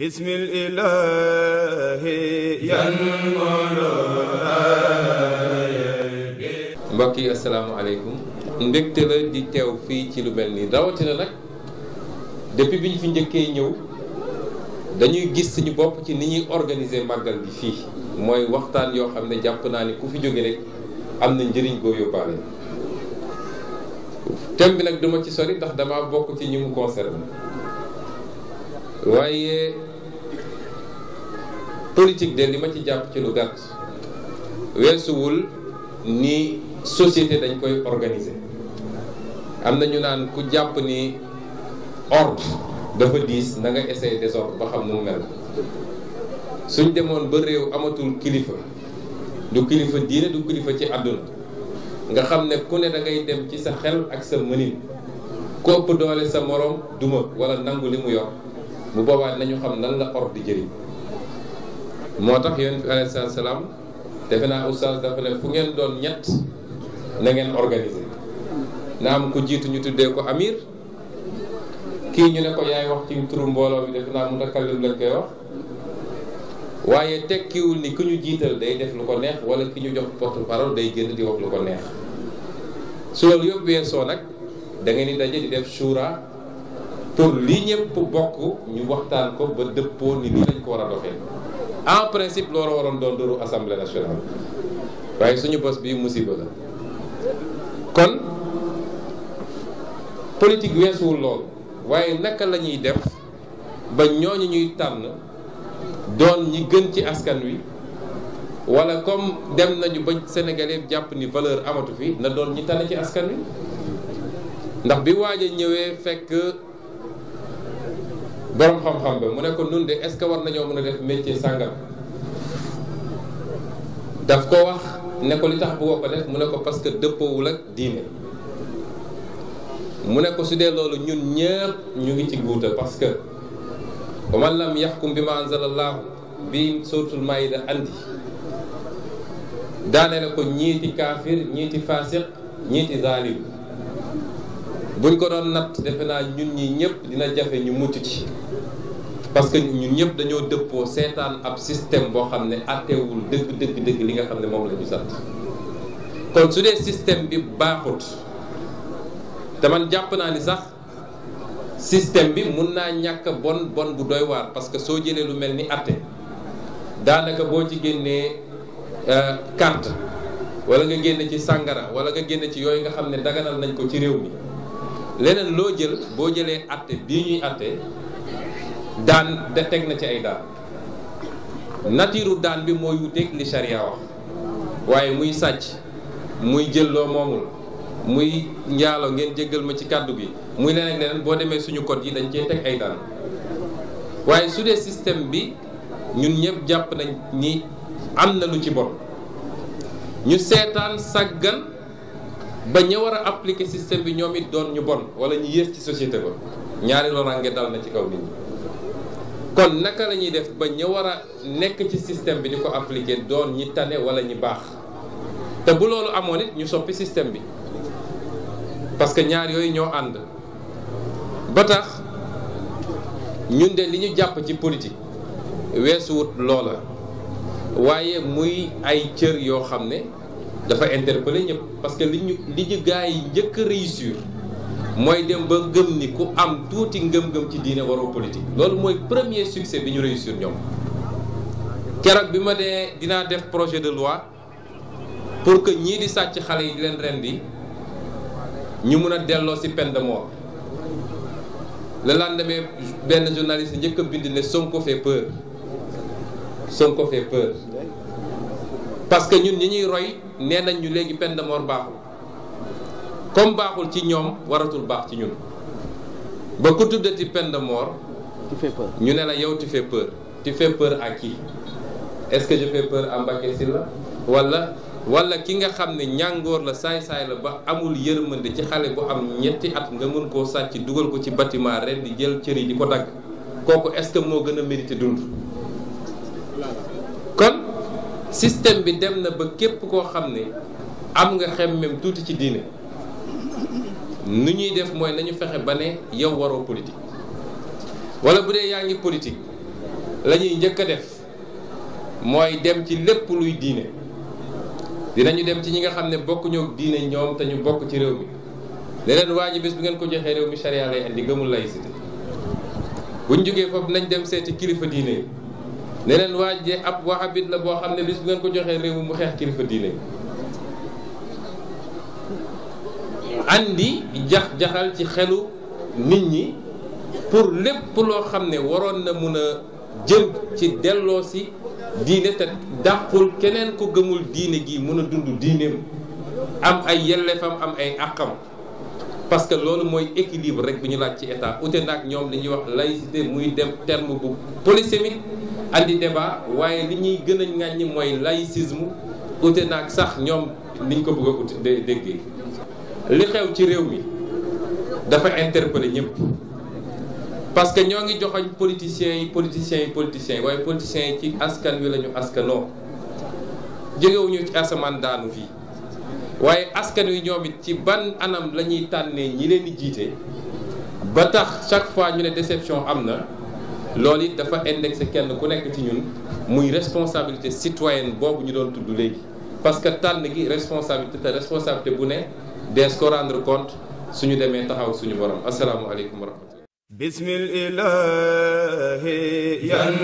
بسم الإله mbokk yi asalaamaaleykum mbégte la di teew fii ci lu mel nii rawatina nag depuis bi ñu fi njëkkee ñëw dañuy gis suñu bopp ci ni ñuy organiser màggal bi fii mooy waxtaan yoo xam ne jàpp naa ne ku fi jóge rek am na njëriñ goo yóbbaale thème bi nag duma ci sori ndax dama bokk ci ñi mu concerné waaye politique de li ma ci jàpp ci lu gàtt weesuwul ni société dañ koy organise am na ñu naan ku jàpp ni ordre dafa diis na nga essayer désordre ba xam mu mel suñ demoon ba réew amatul kilifa du kilifa diine du kilifa ci àdduna nga xam ne ku ne da ngay dem ci sa xel ak sa mënin ku ëpp doole sa morom duma walla nangu li mu yor bu boobaa nañu xam lan la or di jëriñ moo tax yonent bi alayhi salaam defe naa oustaz dafa ne fu ngeen doon ñett na ngeen organiser na am ku jiitu ñu tuddee ko amir kii ñu ne ko yaay wax ci turu mbooloo bi defe naa mutakallim lañ koy wax waaye tekkiwul ni ku ñu jiital day def lu ko neex wala ki ñu jox porte parole day génn di wax lu ko neex su loolu yóbbu weesoo nag da ngeen di daje di def shura pour li ñëpp bokk ñu waxtaan ko ba dëppoo ni nii lañ ko war a doxee en principe loolu waroon doon dëru assemblée nationale waaye suñu bos bi musiba la kon politique weesuwul loolu waaye naka la ñuy def ba ñooñu ñuy tànn doon ñi gën ci askan wi wala comme dem nañu ba Sénégalais jàpp ni valeur amatu fi na doon ñi tànn ci askan wi ndax bi waaj ñëwee fekk. borom xam-xam ba mu ne ko nun de est-ce que war nañoo mun a def métier sàngam daf ko wax ne ko li tax bu ko def mu ne ko parce que dëppoowul ak diine mu ne ko su dee loolu ñun ñëpp ñu ngi ci guuta parce que wa man lam yaxkum bi ma anzalallahu bi suratul maida andi daane na ko ñiiti kaafir ñiiti fasiq ñiiti zalim buñ ko doon natt defe naa ñun ñi ñëpp dina jafe ñu mucc ci parce que ñun ñëpp dañoo dëppoo seetaan ab système boo xam ne àttewul dëgg dëgg dëgg li nga xam ne moom la ñu sant kon su dee système bi baaxut te man jàpp naa ni sax système bi mun naa ñàkk bon bon bu doy waar parce que soo jëlee lu mel ni atte daanaka boo ci génnee euh, carte walla nga génn ci sàngara wala nga génn ci yooyu nga xam ne daganal nañ ko ci réew mi leneen loo jël boo jëlee atte bii ñuy atte Dan de teg na ci ay daan natiiru daan bi mooy wuteeg li charia wax waaye muy sàcc muy lo moomul muy njaalo ngeen jéggal ma ci kàddu gi muy leneen ak leneen boo demee suñu code yi dañ ay daan su système bi ñun ñëpp jàpp nañ ni am na lu ci bon ñu seetaan sàggan ba ña appliquer système bi nyomi it doon ñu bon wala ñu yées ci société ba ñaari loraange dal na ci kaw nit ñi kon naka la ñuy def ba ña war a nekk ci système bi di ko appliquer doon ñi tane wala ñi baax te bu loolu amoon it ñu soppi système bi parce que ñaar yooyu ñoo ànd ba tax ñun de li ñu jàpp ci politique weesuwut loola waaye muy ay cër yoo xam ne dafa interpeller ñëpp parce que li ñu li ñu gars yi njëkk réussir mooy dem ba ngëm ni ku am tuuti ngëm-ngëm ci diine waroo politique loolu mooy premier succès bi ñu réussir ñoom keroog bi ma dee dinaa def projet de loi pour que ñii di sàcc xale yi di leen rendi ñu mun a delloo si peine de mort benn journaliste njëkk a bind ne ko fait peur Sonko fait peur parce que ñun ñi ñuy roy nee nañ ñu léegi peine baaxul comme baaxul ci ñoom waratul baax ci ñun ba ku tuddati peine de ñu ne la yow tu fais peur tu ak kii à qui est-ce que je fais peur à Mbacké wala wala ki nga xam ne njàngoor la saay-saay la ba amul yërmande ci xale bu am ñetti at nga mën koo sàcc dugal ko ci bâtiment ren di jël cër yi di ko dagg kooku est-ce que moo gën a mérité dund kon système bi dem na ba képp koo xam ne am nga xemmem tuuti ci diine ni ñuy def mooy nañu fexe ba ne yow waroo politique wala bu dee yaa ngi politique lañuy njëkk a def mooy dem ci lépp luy diine dinañu dem ci ñi nga xam ne bokkuñoo diine ñoom te ñu bokk ci réew mi ne leen waa ji bés bu ngeen ko joxee réew mi charia lay indi gëmul laïcité buñ jógee foofu nañ dem seeti kilifa diine yi ne leen waa ji ab wahabit la boo xam ne bés bu ngeen ko joxee réew mi mu xeex kilifa diine yi andi jax-jaxal ci xelu nit ñi pour lépp loo xam ne waroon na mun a jëm ci delloosi si diine te dàqul keneen ko gëmul diine gi mun a dund diineem am ay yelleefam am ay àqam parce que loolu mooy équilibre rek bi ñu laaj ci état ute ak ñoom li ñuy wax laïcité muy dem terme bu polysémique andi débat waaye li ñuy gën a ŋàññi mooy laïcisme ute naag sax ñoom niñ ko bëgg a ut déggee li xew ci réew mi dafa interpeller ñëpp parce que ñoo ngi joxoñ politiciens yi politiciens yi politiciens yi waaye politiciens yi ci askan wi lañu ñu askanoo jógewuñu ci asamaan daanu fii waaye askan wi ñoom it ci ban anam la ñuy tànnee ñi leen di jiite ba tax chaque fois ñu ne déception am na loolu it dafa indexé kenn ku nekk ci ñun muy responsabilité citoyenne boobu ñu doon tudd léegi parce que tànn gi responsabilité te responsabilité bu ne dees ko rendre compte suñu demee taxaw suñu borom asalaamualeykum wa rahmatullah bismil ilahi yan